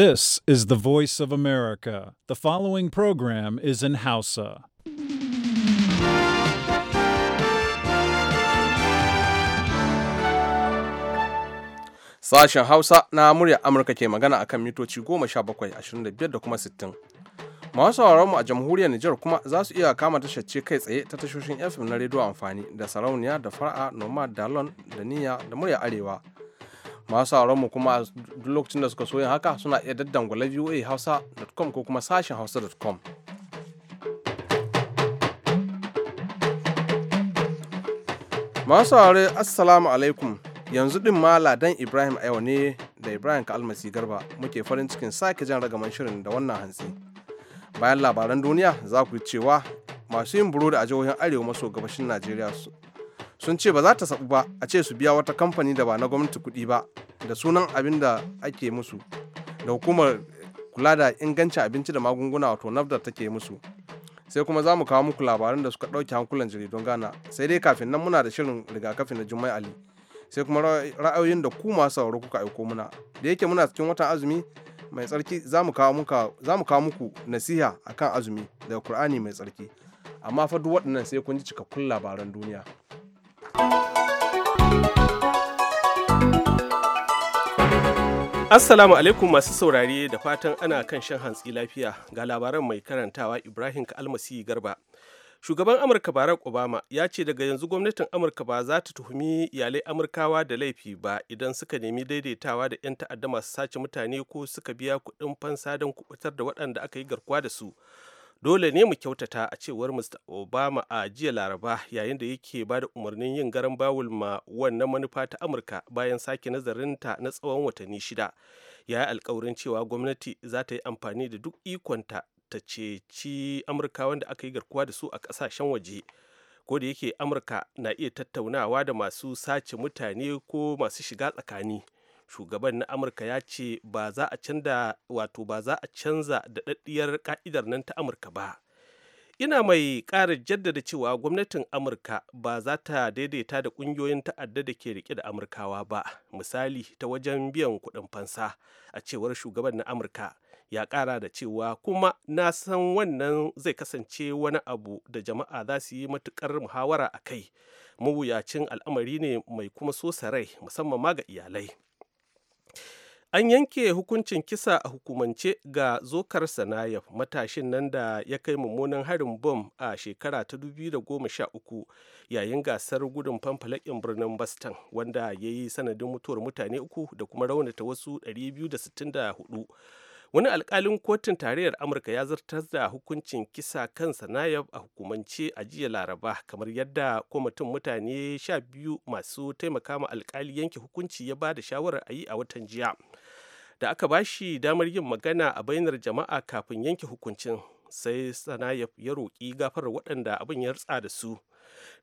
This is the voice of America. The following program is in Hausa. Sashen Hausa na murya Amurka ke magana a kan mitoci 17,25 da kuma 60. Masu mu a jamhuriyar Nijar kuma za su iya kama tashar ce kai tsaye ta tashoshin FM na rediyo amfani da sarauniya da fara'a, nomad, dalon da niyya da murya arewa. masu mu kuma a duk lokacin da suka so yin haka suna iya daddangwala voa hausa.com ko kuma sashen hausa.com masu saurari assalamu alaikum yanzu din ma ladan ibrahim a ne da ibrahim ka almasi garba muke farin cikin sake jan ragaman shirin da wannan hantsi bayan labaran duniya za ku yi cewa masu yin burodi a jihohin arewa maso gabashin najeriya sun ce ba za ta sabu ba a ce su biya wata kamfani da ba na gwamnati kuɗi ba da sunan abin da ake musu da hukumar kula da ingancin abinci da magunguna wato nafda take musu sai kuma za mu kawo muku labaran da suka ɗauke hankulan jaridun gana sai dai kafin nan muna da shirin rigakafi na jummai ali sai kuma ra'ayoyin da ku masu sauraro kuka aiko muna da yake muna cikin watan azumi mai tsarki za mu kawo muku nasiha akan azumi daga kur'ani mai tsarki amma fa duk waɗannan sai kun ji cikakkun labaran duniya Assalamu alaikum masu saurare da fatan ana kan shan hantsi lafiya ga labaran mai karantawa Ibrahim Almasi Garba. Shugaban Amurka Barack Obama ya ce daga yanzu gwamnatin Amurka ba za ta tuhumi iyalai Amurkawa da laifi ba idan suka nemi daidaitawa da 'yan ta'adda masu sace mutane ko suka biya kuɗin fansa don kubutar da waɗanda aka yi garkuwa da su. dole ne mu kyautata a cewar mr obama a jiya laraba yayin da yake ba da umarnin yin garan bawul ma wannan manufa ta amurka bayan sake nazarinta na tsawon watanni shida ya yi alkawarin cewa gwamnati za ta yi amfani da duk ikonta ta ceci amurka wanda aka yi garkuwa da su a kasashen waje ko da yake amurka na iya tattaunawa da masu sace mutane ko masu shiga tsakani shugaban na amurka ya ce ba za a canza wato ba za a canza daɗaɗɗiyar ka'idar nan ta amurka ba ina mai ƙara jaddada cewa gwamnatin amurka ba za ta daidaita da ƙungiyoyin ta'adda da ke rike da amurkawa ba misali ta wajen biyan kuɗin fansa a cewar shugaban na amurka ya ƙara da cewa kuma na san wannan zai kasance wani abu da jama'a za su yi matuƙar muhawara a kai mawuyacin al'amari ne mai kuma so rai musamman ma ga iyalai an yanke hukuncin kisa a hukumance ga zokar sanayef matashin nan da ya kai mummunan harin bom a shekara ta 2013 yayin gasar gudun fanfalakin birnin boston wanda ya yi sanadin mutuwar mutane uku da kuma raunata wasu 264 wani alkalin kotun tarayyar amurka ya zartar da hukuncin kisa kan sanayef a hukumance a jiya laraba kamar yadda kwamitin mutane sha biyu masu taimaka ma alkali yanke hukunci ya ba da shawarar a yi a watan jiya da aka ba shi damar yin magana a bainar jama'a kafin yanke hukuncin sai sana ya roƙi gafar waɗanda abin ya rutsa da su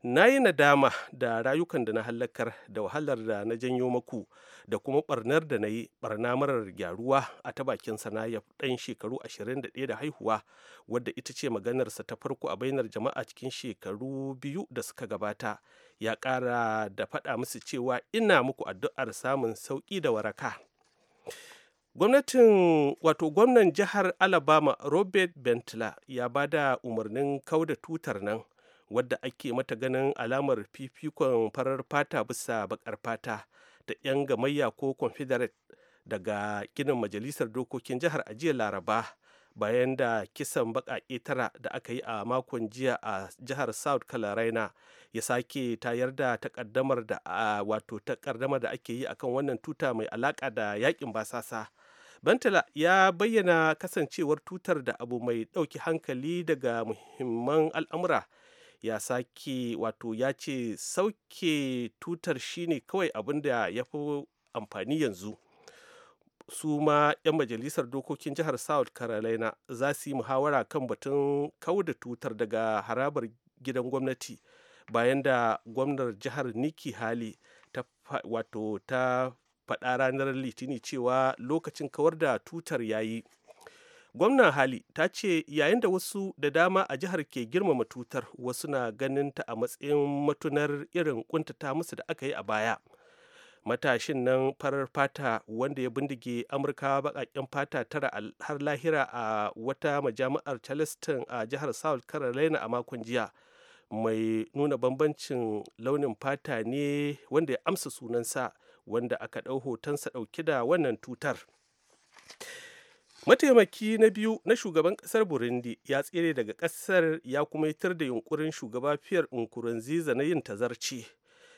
na yi nadama da rayukan da na hallakar da wahalar da na janyo maku da kuma barnar da na yi barna marar gyaruwa a ta bakin Sana'a ɗan shekaru 21 da haihuwa wadda ita ce maganarsa ta farko a bainar jama'a cikin shekaru biyu da suka gabata ya ƙara da faɗa musu cewa ina muku addu'ar samun sauƙi da waraka gwamnatin wato gwamnan jihar alabama robert bentler ya ba da umarnin kauda tutar nan wadda ake mata ganin alamar fifikon farar fata bisa bakar fata da 'yan gamayya ko confederate daga ginin majalisar dokokin jihar a laraba bayan da kisan bakaƙe tara da aka yi a makon jiya a jihar south carolina ya sake tayar da takaddamar da wato takaddamar da ake yi akan wannan tuta mai alaƙa da yakin basasa Bantala ya bayyana kasancewar tutar da abu mai ɗauki hankali daga muhimman al'amura ya sake wato ya ce sauke tutar shine kawai abin da ya fi amfani yanzu. su ma 'yan majalisar dokokin jihar south carolina za su yi muhawara kan batun kauda tutar daga harabar gidan gwamnati bayan da gwamnar jihar nikki hali ta faɗa ranar litini cewa lokacin kawar da tutar yayi gwamnan hali ta ce yayin da wasu da dama a jihar ke girmama tutar wasu na ganin ta a matsayin matunar irin kuntata musu da aka yi a baya matashin nan farar fata wanda ya bindige amurka baƙaƙen fata tara har lahira a wata majami'ar charleston a jihar south carolina a makon jiya mai nuna bambancin launin fata ne wanda ya amsa sunansa wanda aka ɗau hotonsa ɗauki da wannan tutar mataimaki na biyu na shugaban kasar burundi ya tsere daga kasar ya kuma yitar da yunkurin shugaba fiyar nkurunziza na yin tazarci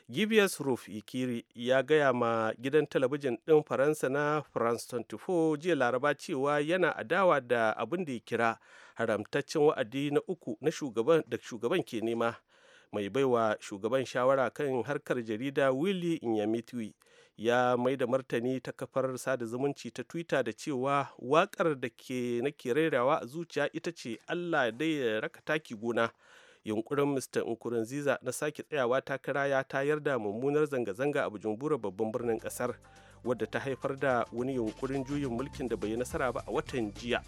gibius roof ikiri ya gaya ma gidan talabijin ɗin faransa na france 24 jiya laraba cewa yana adawa da abin da ya kira haramtaccen wa'adi na uku na shugaban da shugaban ke nema mai baiwa shugaban shawara kan harkar jarida willy inyamitwi ya mai da martani ta kafar sada zumunci ta twitter da cewa wakar da ke nake rairawa a zuciya ita ce allah dai ya raka taki gona yunkurin mr nkurunziza na sake tsayawa takara ya tayar da mummunar zanga-zanga a bujumbura babban birnin kasar wadda ta haifar da wani yunkurin juyin mulkin da bai yi nasara ba a watan jiya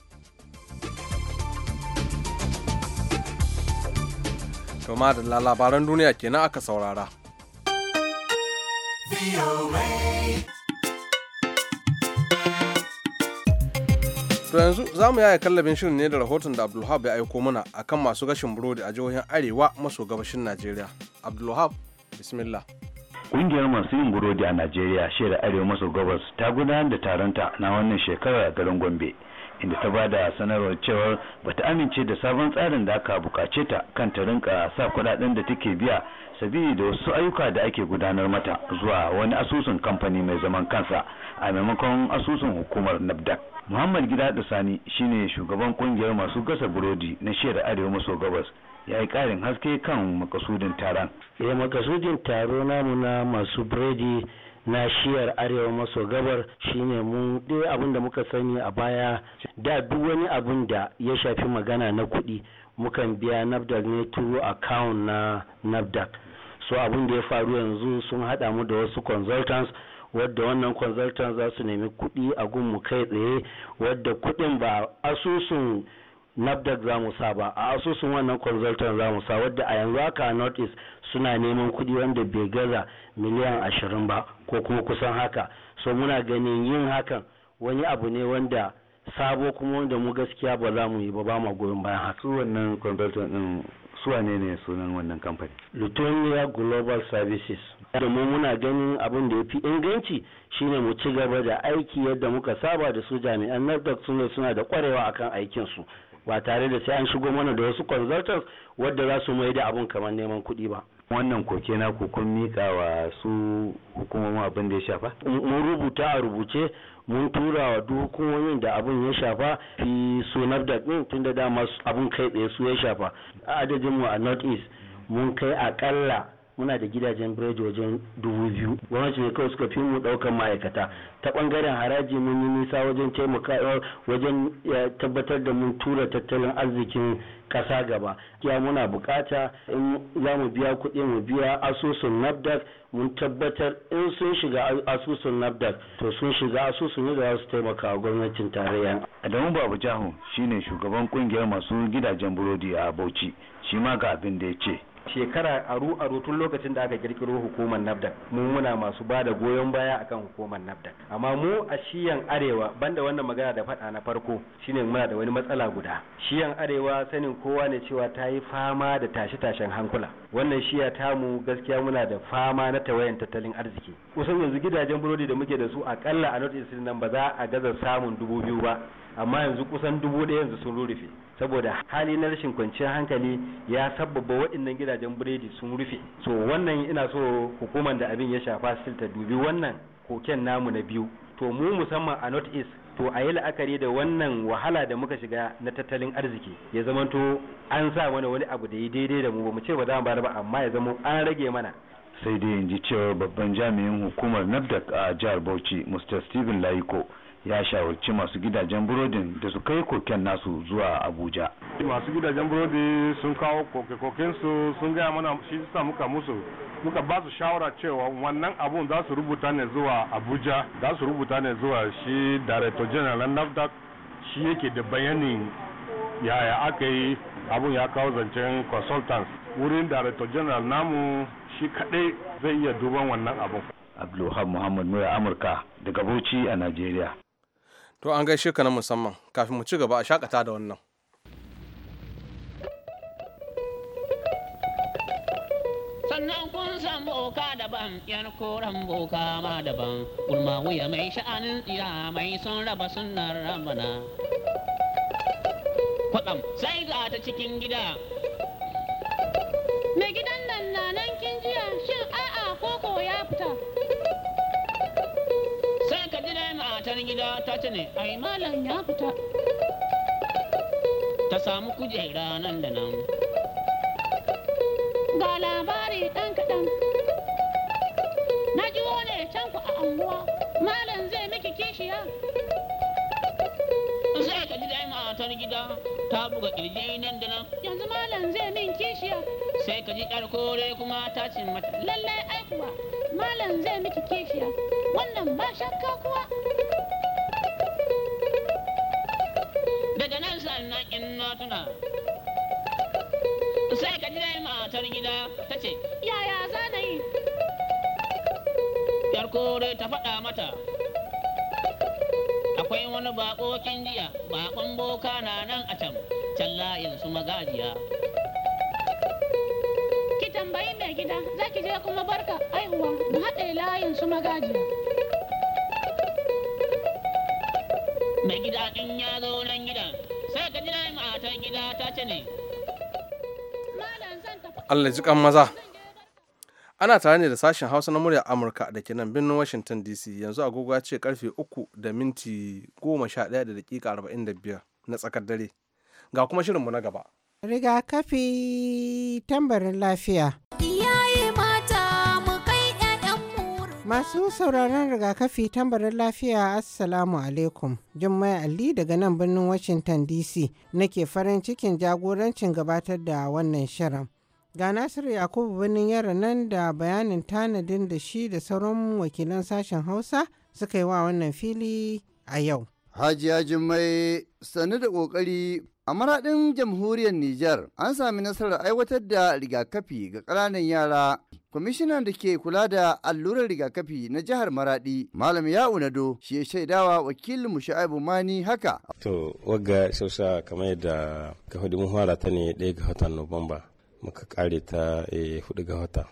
kama da labaran duniya kenan aka saurara To yanzu za mu yaya kallabin shirin ne da rahoton da Abdulhab ya aiko mana akan masu gashin burodi a jihohin Arewa maso gabashin Najeriya. Abdulhab, bismillah. Kungiyar masu yin burodi a Najeriya, da Arewa maso gabas ta gudanar da taronta na wannan shekarar a garin Gombe. inda ta bada da sanarwar cewar bata amince da sabon tsarin da aka bukace ta kan ta rinka sa kudaden da take biya sabili da wasu ayyuka da ake gudanar mata zuwa wani asusun kamfani mai zaman kansa a maimakon asusun hukumar nabda muhammad gida da sani shine shugaban kungiyar masu gasa burodi na shiyar arewa maso gabas ya yi karin haske kan makasudin taron. ya eh, makasudin taro namu masu burodi. nashiyar arewa maso gabar shine mu ɗaya abin da muka sani a baya da duk wani abin da ya shafi magana na kuɗi mukan biya nafdac ne turu account na nafdac so abin da ya faru yanzu sun haɗa mu da wasu consultants wadda wannan consultants za su nemi kuɗi a gunmu kai tsaye wadda kuɗin ba asusun nafdak za mu sa ba a asusun wannan consultant za mu sa wadda a yanzu haka north east suna neman kuɗi wanda bai gaza miliyan ashirin ba ko kuma kusan haka so muna ganin yin hakan wani abu ne wanda sabo kuma wanda mu gaskiya ba za mu yi ba ba ma goyon bayan haka su wannan consultant din su wane ne sunan wannan kamfani Lutonia Global Services da mu muna ganin abin da ya fi inganci shine mu ci gaba da aiki yadda muka saba da su jami'an NAFDAC suna da kwarewa akan aikin su ba tare da sai an shigo mana da wasu consultants wadda za su mai da abun kamar neman kuɗi ba wannan koke na kun mika wa su hukumomin abin da ya shafa mun rubuta a rubuce mun tura wa duk hukumomin da abin ya shafa fi sunar da din tunda dama abun kai tsaye su ya shafa a adadin mu a north east mun kai akalla muna da gidajen biredi wajen dubu biyu gwamnati ne kawai suka fi mu daukan ma'aikata ta bangaren haraji mun yi nisa wajen taimaka wajen tabbatar da mun tura tattalin arzikin kasa gaba ya muna bukata in za mu biya kuɗi mu biya asusun nafdak mun tabbatar in sun shiga asusun nafdak to sun shiga asusun ne da za su taimaka wa gwamnatin tarayya adamu babu jahu shine shugaban kungiyar masu gidajen burodi a bauchi shi ma ga abin da ya ce shekara aru aru tun lokacin da aka kirkiro hukumar nafdak mu muna masu ba da goyon baya akan hukumar nafdak amma mu a shiyan arewa banda wannan magana da faɗa na farko shine muna da wani matsala guda shiyan arewa sanin kowa ne cewa ta yi fama da tashe tashen hankula wannan shiya ta mu gaskiya muna da fama na tawayan tattalin arziki kusan yanzu gidajen burodi da muke da su akalla a north east nan ba za a gaza samun dubu biyu ba amma yanzu kusan dubu ɗaya yanzu sun rurrufe saboda hali na rashin kwanciyar hankali ya sabbaba waɗannan gidajen biredi sun rufe so wannan ina so hukumar da abin ya shafa sil ta dubi wannan koken namu na biyu to mu musamman a north east to a yi la'akari da wannan wahala da muka shiga na tattalin arziki ya zamanto an sa mana wani abu da ya daidai da mu ba mu ce ba za mu bayar ba amma ya zama an rage mana sai dai in ji cewa babban jami'in hukumar nafdak a jihar bauchi mr stephen laiko ya shawarci masu gidajen burodin da su kai koken nasu zuwa abuja masu gidajen burodi sun kawo koke koken su sun gaya mana shi sa muka musu muka ba su shawara cewa wannan abun za su rubuta ne zuwa abuja za su rubuta ne zuwa shi director general nafdac shi yake da bayanin yaya aka yi abun ya kawo zancen consultants wurin director general namu shi kadai zai iya duban wannan abun abdulhab muhammad muya amurka daga bauchi a najeriya To an gaishe ka na musamman kafin mu ci gaba a shakata da wannan. sannan kun san boka daban yan koren boka ma daban gulma wuya mai sha'anin tsira mai son raba sunnar ramana kwaɗam sai ga ta cikin gida Me gidan nan na nan kin jiya gida ta ce ne ai malam ya fita ta samu kujera nan da nan ga labari dan kadan na ji ne can ku a anguwa malam zai miki kishiya sai ka ji dai matar gida ta buga kirje nan da nan yanzu malam zai min kishiya sai ka ji yar kore kuma ta ce mata lallai ai kuwa malam zai miki kishiya wannan ba shakka kuwa na sai ka jira matar gida ta ce yaya za na yi yar kore ta faɗa mata akwai wani baƙoƙin jiya baƙon boka na nan a can can layin su magajiya ki tambayi mai gida za ki je kuma barka aihuwa mu haɗe layin su magajiya mai gida in ya zo nan gidan sai ka jira gida ta ce Allah jikan maza ana tare ne da sashen hausa na murya amurka da ke nan birnin washington dc yanzu agogo ce karfe 3 da minti 11 da dakika 45 na tsakar dare ga kuma shirinmu na gaba rigakafi tambarin lafiya Masu sauraron rigakafi tambarin lafiya Assalamu alaikum. Jummai Ali daga nan birnin Washington DC nake farin cikin jagorancin gabatar da wannan shirin. Ga Nasiru Yakubu birnin yara nan da bayanin tanadin da shi da sauran wakilan sashen Hausa suka yi wa wannan fili a yau. Hajiya Jummai sannu da ƙoƙari A maraɗin jamhuriyar Nijar an sami nasarar aiwatar da rigakafi ga ƙananan yara kwamishinan da ke kula da allurar rigakafi na jihar maradi malam ya unado shi ya shaidawa wakilin shu'aibu mani haka to wagga sausa kamar yadda ka hudu mun fara ta ne ɗaya ga watan nuwamba muka kare ta eh, hudu ga wata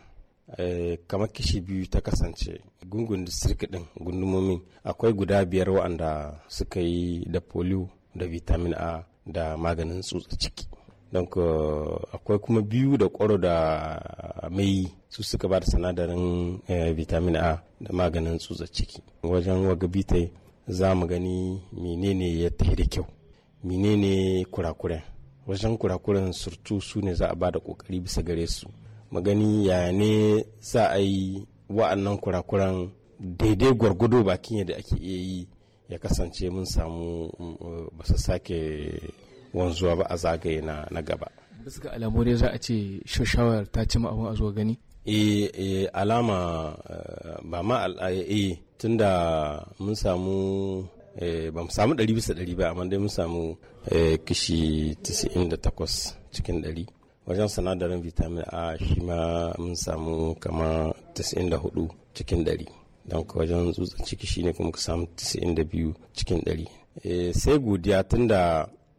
eh, kamar kishi biyu ta kasance gungun district din gundumomin akwai guda biyar waɗanda suka yi da polio da vitamin a da maganin tsutsa ciki don akwai kuma biyu da kwaro da mai su suka ba da sinadarin eh, vitamin a da maganin tsutsa ciki wajen bita za mu gani menene ya tafi da kyau menene kurakuren wajen kurakuren surtu su ne za a ba da kokari bisa gare su magani ya ne za a yi wa'annan kurakuran daidai gwargwado bakin yadda ake iya yi ya kasance mun samu mm, ba su sake wanzuwa ba a zagaye na gaba bisa ga alamu dai za a ce shawar ta cima abin a zuwa gani e alama eh, ba ma tun da mun samu ba mu samu 100 bisa 100 ba amma dai mun samu kishi 98 cikin 100 wajen sanadarin vitamin a shi ma mun samu kama 94 cikin 100 don wajen tsutsan ciki shine kuma ka samu 92 cikin 100 sai godiya tun da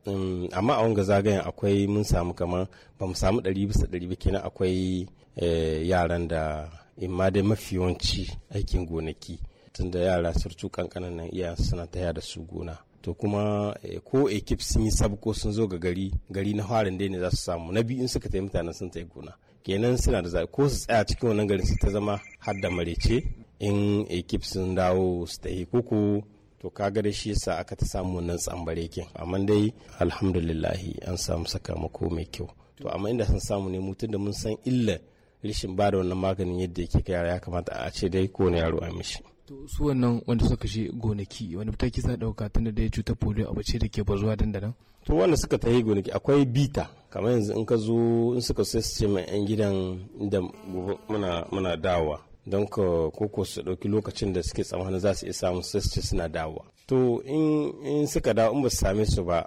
amma a wanga zagayen akwai mun samu kamar ba mu samu ɗari bisa ɗari ba kenan akwai eh, yaran da imma dai mafi yawanci aikin gonaki Tun da yara surtu kankanan nan iya suna ta da su gona to kuma eh, ko ekip sun yi sabko sun zo ga gari gari na harin dai ne za su samu na biyu in suka tafi mutanen sun tafi gona kenan suna da za ko su tsaya cikin wannan garin su ta zama har da marece in ekip sun dawo su ko koko to ka ga da shi yasa aka ta samu wannan tsambare kin amma dai alhamdulillahi an samu sakamako mai kyau to amma inda san samu ne mutum da mun san illa rishin ba da wannan maganin yadda yake ga ya kamata a ce dai ko ne yaro a mishi to su wannan wanda suka shi gonaki wani mataki sa dauka tun da dai cuta polio a ce da ke bazuwa dandanan to wanda suka ta yi gonaki akwai bita kamar yanzu in ka zo in suka sai su ce mai yan gidan da muna muna dawa don ka koko su ɗauki lokacin da suke tsammanin za su iya samun sai su suna dawowa to in suka dawo in ba su same su ba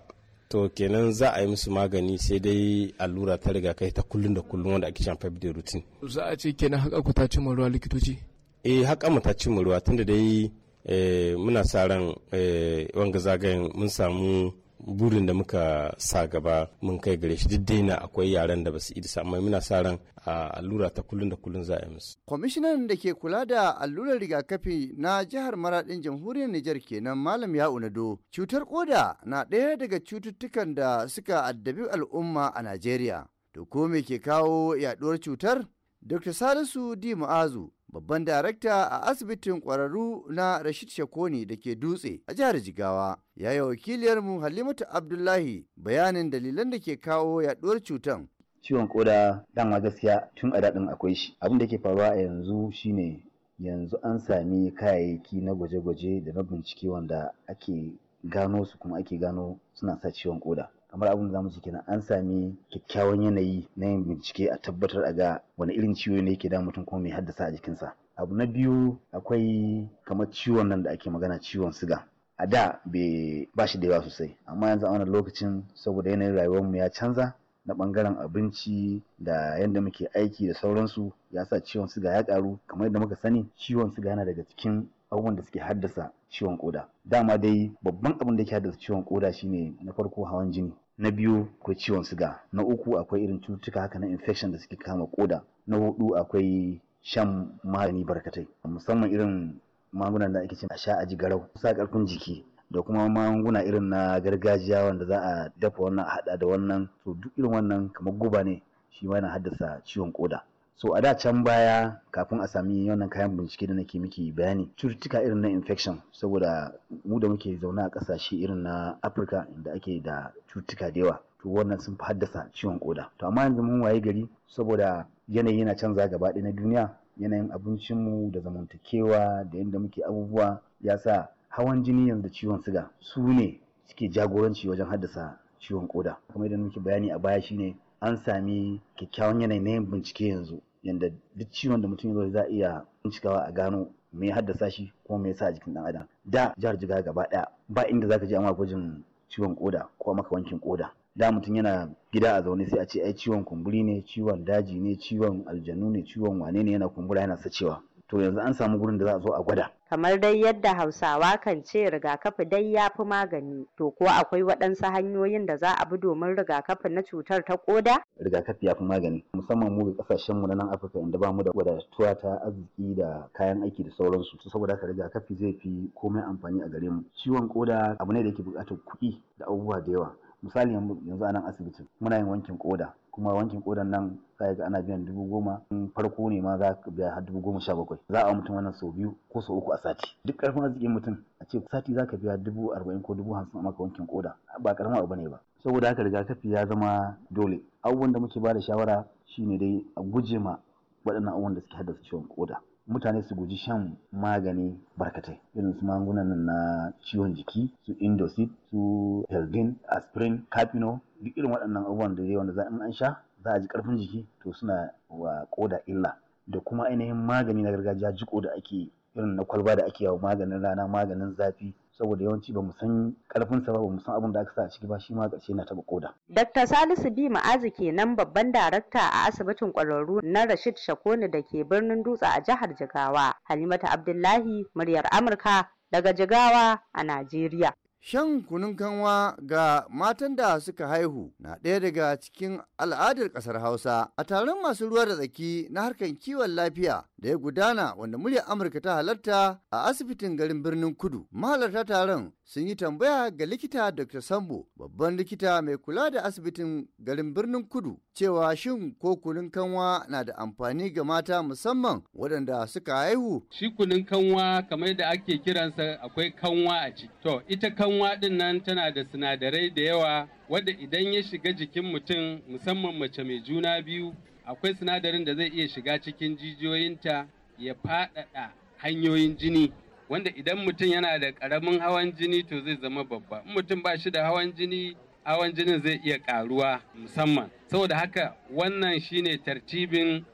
to kenan za a yi musu magani sai dai allura ta riga kai ta kullum da kullum wanda ake cewa fabi da routine za a ce kenan haka ku ta cimma ruwa likitoci eh haka mu ta cimma ruwa tunda dai eh, muna sa ran eh, wanga zagayen mun samu burin da muka sa gaba mun kai gare shi duk daina akwai yaren da basu idisa amma muna sa ran a allura ta kullun da kullun za a yi musu. Kwamishinan da ke kula da allurar rigakafi na jihar Maradin jamhuriyar Nijar kenan Malam ya unado Cutar koda na ɗaya daga cututtukan da suka addabi al'umma a Najeriya. To ko me ke kawo yaduwar cutar? Dr. Salisu D. Mu'azu babban darakta a asibitin kwararru na Rashid Shakoni da ke dutse a jihar Jigawa. Ya yi wakiliyarmu Halimatu Abdullahi bayanin dalilan da ke kawo yaduwar cutan. Ciwon koda dama gaskiya tun a daɗin akwai shi. Abin da ke faruwa a yanzu shine yanzu an sami kayayyaki na gwaje-gwaje da na bincike wanda ake gano su kuma ake gano suna sa ciwon koda. kamar abin da zamu ci kenan an sami kyakkyawan yanayi na yin bincike a tabbatar a ga wani irin ciwo ne yake da mutum kuma mai haddasa a jikinsa abu na biyu akwai kamar ciwon nan da ake magana ciwon siga a da bai ba shi da yawa sosai amma yanzu a wannan lokacin saboda yanayin rayuwar mu ya canza na bangaren abinci da yadda muke aiki da sauransu ya sa ciwon siga ya karu kamar yadda muka sani ciwon siga yana daga cikin abubuwan da suke haddasa ciwon koda dama dai babban abin da ke haddasa ciwon koda shine na farko hawan jini na biyu akwai ciwon siga na uku akwai irin cututtuka haka na infection da suke kama koda na hudu akwai shan magani barkatai musamman irin magungunan da ake ce a sha a ji garau sa karfin jiki da kuma magunguna irin na gargajiya wanda za a dafa wannan a hada da wannan to duk irin wannan kamar guba ne shi ma yana haddasa ciwon koda so a da can baya kafin a sami wannan kayan bincike da nake miki bayani cututtuka irin na infection saboda mu da muke zaune a kasashe irin na afirka inda ake da cututtuka da yawa to wannan sun fi haddasa ciwon koda to amma yanzu mun waye gari saboda yanayi yana canza gaba ɗaya na duniya yanayin abincinmu da zamantakewa da yadda muke abubuwa ya sa hawan jini yanzu da ciwon siga su ne suke jagoranci wajen haddasa ciwon koda kamar yadda muke bayani a baya shine an sami kyakkyawan yanayi na yin bincike yanzu yanda duk ciwon da mutum ya za a iya bincikawa a gano me haddasa shi ko me yasa a jikin dan adam da jihar jigawa gaba daya ba inda zaka je a gwajin ciwon koda ko maka wankin koda da mutum yana gida a zaune sai a ce ai ciwon kumburi ne ciwon daji ne ciwon aljanu ne ciwon wane ne yana kumbura yana sacewa to yanzu an samu gurin da za a zo a gwada kamar dai yadda hausawa kan ce rigakafi dai ya fi magani to ko akwai waɗansu hanyoyin da za a bi domin rigakafi na cutar ta koda rigakafi ya fi magani musamman mu ga ƙasashen mu na nan afirka inda ba mu da wadatuwa ta arziki da kayan aiki da sauransu saboda haka rigakafi zai fi komai amfani a gare mu ciwon koda abu ne da yake buƙatar kuɗi da abubuwa da yawa misali yanzu a nan asibitin muna yin wankin koda kuma wankin kodan nan za ga ana biyan dubu goma farko ne ma za ka biya har dubu goma sha bakwai za a mutum wannan sau biyu ko sau uku a sati duk karfin arzikin mutum a ce sati za ka biya dubu arba'in ko dubu hamsin a maka wankin koda ba karamin abu ne ba saboda haka rigakafi ya zama dole abubuwan da muke ba da shawara shine dai a guje ma waɗannan abubuwan da suke haddasa ciwon koda mutane su guji shan magani barkatai irin su magungunan na ciwon jiki su indosit su heldin aspirin capino duk irin waɗannan abubuwan da zai wanda za in an sha za a ji ƙarfin jiki to suna wa ƙoda illa da kuma ainihin magani na gargajiya jiko da ake irin na kwalba da ake yawo maganin rana maganin zafi saboda yawanci ba mu san karfin sa ba mu san abin da aka sa a ciki ba shi ma ƙarshe na taɓa koda. Dr. Salisu B Ma'azu kenan babban darakta a asibitin ƙwararru na Rashid Shakoni da ke birnin Dutse a jihar Jigawa. Halimatu Abdullahi muryar Amurka daga Jigawa a Najeriya. Shan kunun kanwa ga matan da suka haihu na ɗaya daga cikin al'adar ƙasar Hausa. A taron masu ruwa da tsaki na harkar kiwon lafiya da ya gudana wanda muryar Amurka ta halarta a asibitin garin birnin Kudu. Mahalarta taron sun yi tambaya ga likita Dr. Sambo, babban likita mai kula da asibitin garin birnin Kudu, cewa shin ko kunun kanwa na da amfani ga mata musamman waɗanda suka haihu. Shi kunun kanwa kamar da ake kiransa akwai kanwa a ciki. To, ita kanwa ɗin nan tana da sinadarai da yawa wanda idan ya shiga jikin mutum musamman mace mai juna biyu akwai sinadarin da zai iya shiga cikin jijiyoyinta ya faɗaɗa hanyoyin jini wanda idan mutum yana da ƙaramin hawan jini to zai zama babba in mutum ba shi da hawan jini hawan jinin zai iya ƙaruwa musamman saboda haka wannan shine tartibin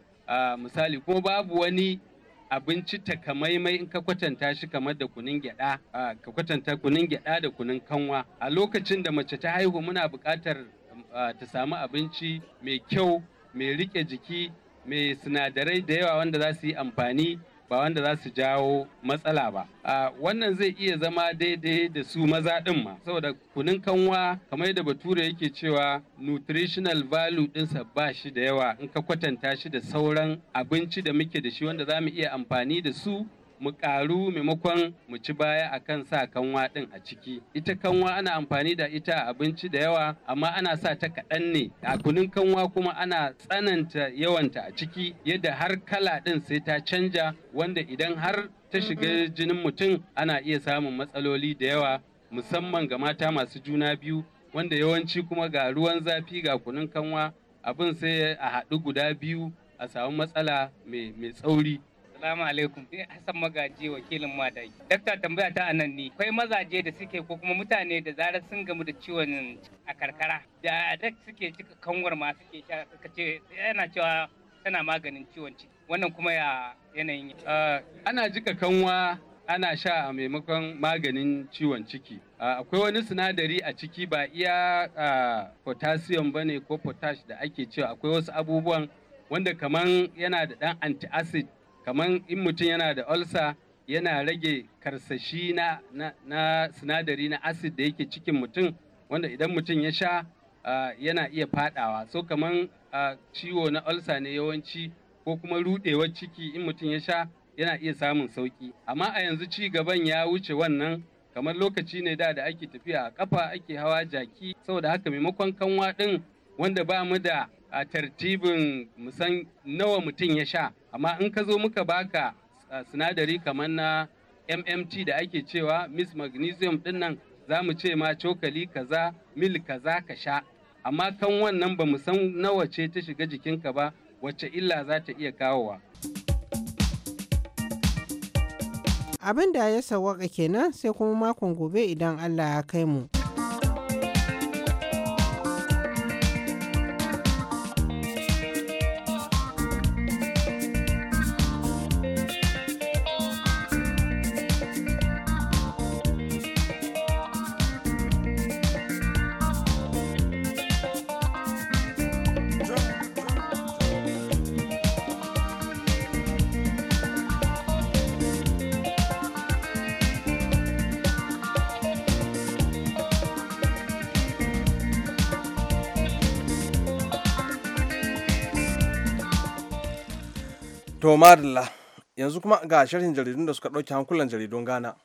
misali ko babu wani abinci takamaimai in ka kwatanta shi kamar da kunun gyada ka kwatanta kunun gyada da kunun kanwa a lokacin da mace ta haihu muna buƙatar ta samu abinci mai kyau mai rike jiki mai sinadarai da yawa wanda za su yi amfani ba wanda za su jawo matsala ba a wannan zai iya zama daidai da su maza ɗin ma saboda kunun kanwa kamar yadda bature yake cewa nutritional value ɗinsa ba shi da yawa in ka kwatanta shi da sauran abinci da muke da shi wanda za mu iya amfani da su mu ƙaru maimakon mu ci baya akan sa kanwa ɗin a ciki ita kanwa ana amfani da ita a abinci da yawa amma ana sa ta kaɗan ne a kunun kanwa kuma ana tsananta yawanta a ciki yadda har kala ɗin sai ta canja wanda idan har ta shiga mm-hmm. jinin mutum ana iya samun matsaloli da yawa musamman ga mata masu juna biyu wanda yawanci kuma ga ruwan zafi ga kunun kanwa abin sai a haɗu guda biyu a samu matsala mai tsauri Salamu alaikum. sai eh, Hassan Magaji wakilin Madagi. Dakta tambaya ta anan ne. Akwai mazaje da suke ko kuma mutane da zarar sun gamu da ciwon a karkara da dak suke cika kanwar ma suke sha ce yana cewa tana maganin ciwon ciki. Wannan kuma ya yanayin. Ah, ana jika kanwa ana sha a maimakon maganin ciwon ciki. Ah, akwai wani sinadari a ciki ba iya ah, potassium ba ne ko potash da ake cewa akwai wasu abubuwan wanda kaman yana da ɗan anti acid kamar in mutum yana da ulcer yana rage karsashi na, na, sinadari na acid da yake cikin mutum wanda idan mutum ya sha yana iya fadawa so kamar ciwo na ulcer ne yawanci ko kuma rudewar ciki in mutum ya sha yana iya samun sauki amma a yanzu ci gaban ya wuce wannan kamar lokaci ne da da ake tafiya a kafa ake hawa jaki saboda haka maimakon kanwa din wanda ba mu da a tartibin musan nawa mutum ya sha amma in ka zo muka baka sinadari kamar na mmt da ake cewa miss magnesium din za mu ce ma cokali kaza mil kaza ka sha amma kan wannan ba mu san nawa ce ta shiga jikinka ba wacce illa za ta iya kawowa. abin da ya sawaka kenan sai kuma makon gobe idan allah ya kai mu. To madalla yanzu kuma ga sharhin jaridun da suka ɗauki hankulan jaridun Ghana.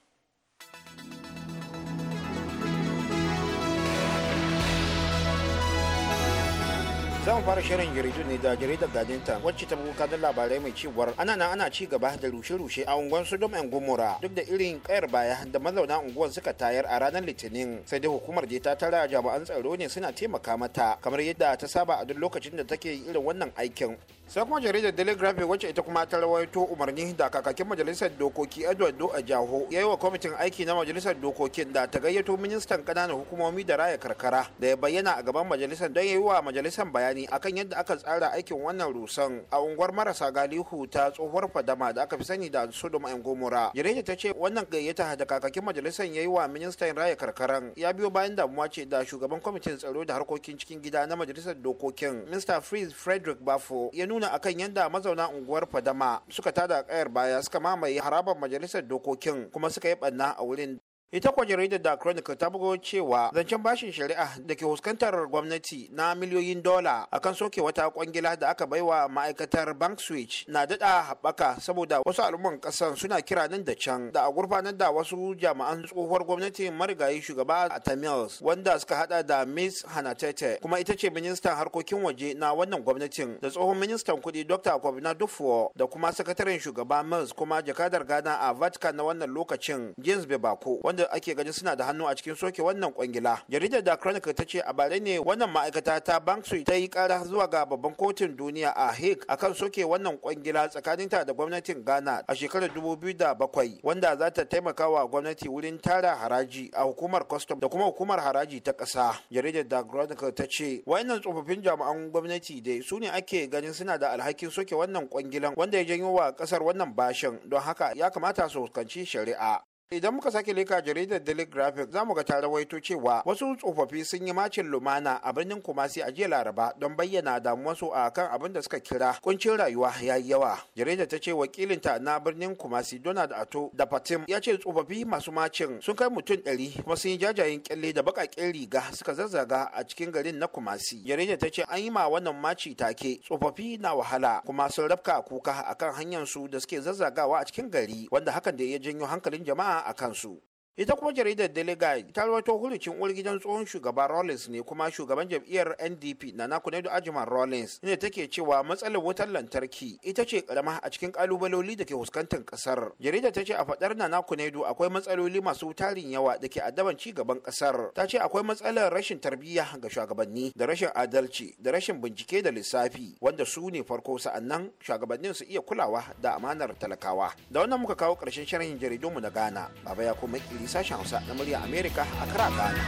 zan fara shirin jaridu ne da jaridar gadinta wacce ta buka da labarai mai cewar ana na ana ci gaba da rushe-rushe a unguwar sodom and gomora duk da irin kayar baya da mazauna unguwar suka tayar a ranar litinin sai dai hukumar je ta tara jami'an tsaro ne suna taimaka mata kamar yadda ta saba a duk lokacin da take irin wannan aikin sai kuma jaridar daily graphic wacce ita kuma ta rawaito umarni da kakakin majalisar dokoki edward do jaho ya yi wa kwamitin aiki na majalisar dokokin da ta gayyato ministan kananan hukumomi da raya karkara da ya bayyana a gaban majalisar don ya yi wa majalisar bayani akan yadda aka tsara aikin wannan rusan a unguwar marasa galihu ta tsohuwar fadama da aka fi sani da sodom and gomora jaridar ta ce wannan gayyata da kakakin majalisar ya yi wa ministan raya karkaran ya biyo bayan damuwa ce da shugaban kwamitin tsaro da harkokin cikin gida na majalisar dokokin mr freeze frederick bafo ya nuna nuna akan yadda mazauna unguwar fadama suka tada kayar baya suka mamaye harabar majalisar dokokin kuma suka yi banna a wurin ita kwa jaridar da chronicle ta bugo cewa zancen bashin shari'a da ke fuskantar gwamnati na miliyoyin dola a kan soke wata kwangila da aka baiwa ma'aikatar bank switch na daɗa haɓaka saboda wasu al'umman ƙasar suna kira nan da can da a gurfanar da wasu jami'an tsohuwar gwamnati marigayi shugaba a tamils wanda suka hada da miss hanatete kuma ita ce ministan harkokin waje na wannan gwamnatin da tsohon ministan kuɗi dr kwabina dufuo da kuma sakataren shugaba mills kuma jakadar ghana a vatican na wannan lokacin james bebako wanda da ake ganin suna da hannu a cikin soke wannan kwangila jaridar da chronicle ta ce a bare ne wannan ma'aikata ta bank banksui ta yi kara zuwa ga babban kotun duniya a hague akan soke wannan kwangila tsakanin ta da gwamnatin ghana a shekarar dubu 2007 wanda za ta taimaka wa gwamnati wurin tara haraji a hukumar custom da kuma hukumar haraji ta kasa jaridar da chronicle ta ce wayannan tsofaffin jami'an gwamnati dai su ne ake ganin suna da alhakin soke wannan kwangilan wanda ya janyo wa kasar wannan bashin don haka ya kamata su fuskanci shari'a Idan muka sake leka jaridar Daily Graphic za mu ga ta rawaito cewa wasu tsofaffi sun yi macin lumana a birnin Kumasi a jiya Laraba don bayyana damuwarsu a kan abin da suka kira kuncin rayuwa ya yi yawa. Jaridar ta ce wakilinta na birnin Kumasi Donald Ato da Fatim ya ce tsofaffi masu macin sun kai mutum ɗari kuma sun yi jajayen kyalle da baƙaƙen riga suka zazzaga a cikin garin na Kumasi. Jaridar ta ce an yi ma wannan maci take tsofaffi na wahala kuma sun rafka kuka akan hanyar su da suke zazzagawa a cikin gari wanda hakan da ya janyo hankalin jama'a magana a kansu ita kuma jaridar daily ta rawaito hulicin uwar gidan tsohon shugaban rollins ne kuma shugaban jam'iyyar ndp na nakunedu ajiman rollins inda take cewa matsalar wutar lantarki ita ce karama a cikin kalubaloli da ke fuskantar kasar jaridar ta ce a fadar na nakunedu akwai matsaloli masu tarin yawa da ke addaban ci gaban kasar ta ce akwai matsalar rashin tarbiyya ga shugabanni da rashin adalci da rashin bincike da lissafi wanda su ne farko sa'annan shugabannin su iya kulawa da amanar talakawa da wannan muka kawo ƙarshen sharhin jaridunmu na ghana baba ya kuma Kari Shamsa Hausa na murya Amerika a kara Ghana.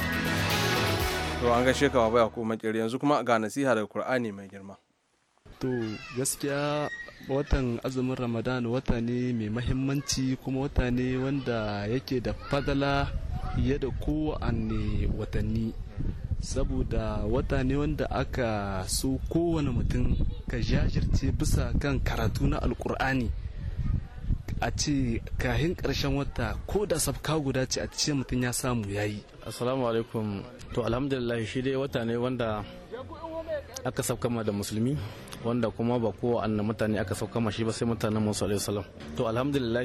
To an gaishe ka baya ko makiri yanzu kuma ga nasiha daga Kur'ani mai girma. To gaskiya watan azumin Ramadan wata ne mai mahimmanci kuma wata ne wanda yake da fadala fiye da kowane watanni. saboda wata ne wanda aka so kowane mutum ka jajirce bisa kan karatu na alkur'ani a ce kahin karshen wata ko da sabka guda ce a ce mutum ya samu ya yi. assalamu alaikum to alhamdulillah shi dai wata ne wanda aka ma da musulmi wanda kuma ba kowanne mutane aka saukama shi ba sai mutanen musu alaihi salam to alhamdulillah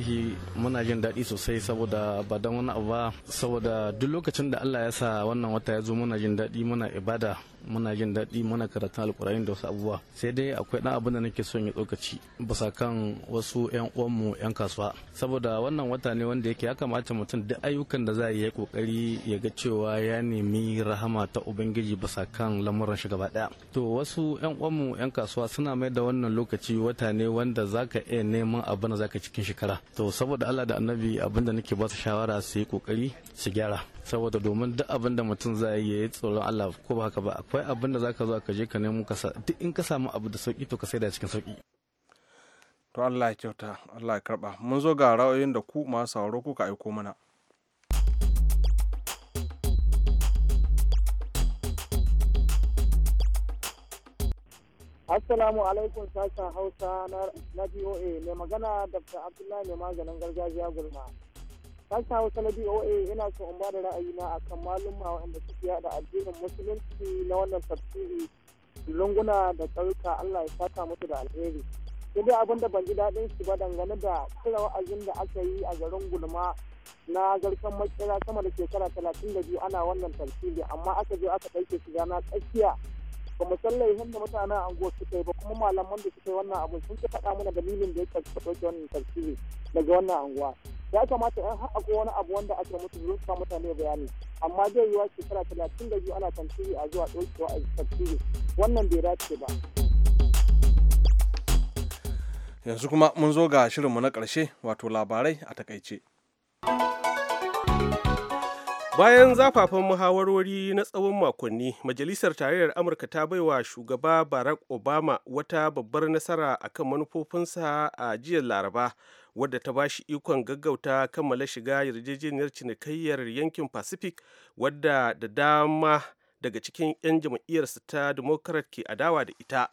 muna jin daɗi sosai saboda ba dan wani abu ba saboda duk lokacin da Allah ya sa wannan wata ya zo muna jin daɗi muna ibada muna jin daɗi muna karatun alkur'ani da wasu abubuwa sai dai akwai ɗan abin da nake son ya tsokaci bisa kan wasu 'yan uwanmu 'yan kasuwa saboda wannan wata ne wanda yake ya kamata mutum duk ayyukan da za a yi kokari ya ga cewa ya nemi rahama ta ubangiji bisa kan lamuran shi gaba ɗaya to wasu 'yan uwanmu 'yan kasuwa suna mai da wannan lokaci wata ne wanda zaka iya neman abin da zaka cikin shekara to saboda Allah da annabi abin da nake ba su shawara su yi kokari su gyara saboda domin duk abin da mutum za yi ya tsoron Allah ko ba haka ba akwai abin da zaka zo ka je ka nemo ka duk in ka samu abu da sauki to ka da cikin sauki to Allah ya kyauta Allah ya karba mun zo ga ra'ayoyin da ku masu sauraro kuka aiko mana Assalamu alaikum sashen Hausa na BOA mai magana Dr. Abdullahi mai maganin gargajiya gulma. Sashen Hausa na BOA yana so in ba da ra'ayina a kan malumma wanda suke yada addinin musulunci na wannan tafsiri lunguna da tsaruka Allah ya saka musu da alheri. Sai dai abin da ban ji daɗin shi ba dangane da kira wa'azin da aka yi a garin Gulma na garkan makera sama da shekara talatin da biyu ana wannan tafsiri amma aka zo aka ɗauke shi gana tsakiya ba mu san laifin da mutanen anguwa suka yi ba kuma malaman da suka yi wannan abun sun ta faɗa mana dalilin da ya ɗauke wannan tafsiri daga wannan anguwa. ya kamata yan haɗa ko wani abu wanda ake mutu zuwa sa mutane bayani amma zai yi yiwa shekara talatin da biyu ana tantiri a zuwa ɗaukewa a tantiri wannan bai dace ba. yanzu kuma mun zo ga shirinmu na ƙarshe wato labarai a takaice. Bayan zafafan muhawarori na tsawon makonni, Majalisar Tarayyar Amurka ta baiwa shugaba Barack Obama wata babbar nasara akan manufofinsa a jiya Laraba wadda ta ba shi ikon gaggauta kammala shiga yarjejeniyar cinikayyar yankin pacific wadda da dama daga cikin 'yan jam'iyyarsa ta democrat ke adawa da ita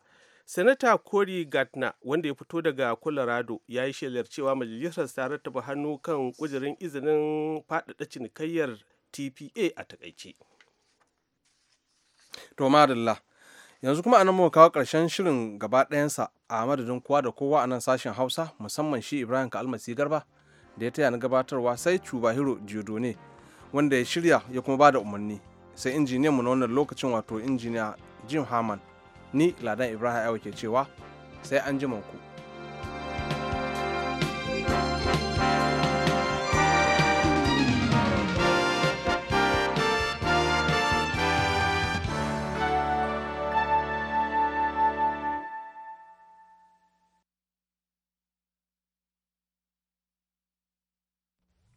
Sanata Cory Gardner wanda ya fito daga Colorado ya yi shelar cewa majalisar ta rattaba hannu kan kujerin izinin faɗaɗa cinikayyar TPA a takaice. yanzu kuma anan muka kawo ƙarshen shirin gaba ɗayansa a madadin kowa da kowa a nan sashen hausa musamman shi ibrahim kalmasi garba da ya taya na gabatarwa sai cuba cubahiro ne wanda ya shirya ya kuma bada umarni sai injiniyan mu na wannan lokacin wato injiniya jim haman ni ladan ibrahim ke cewa sai an ku.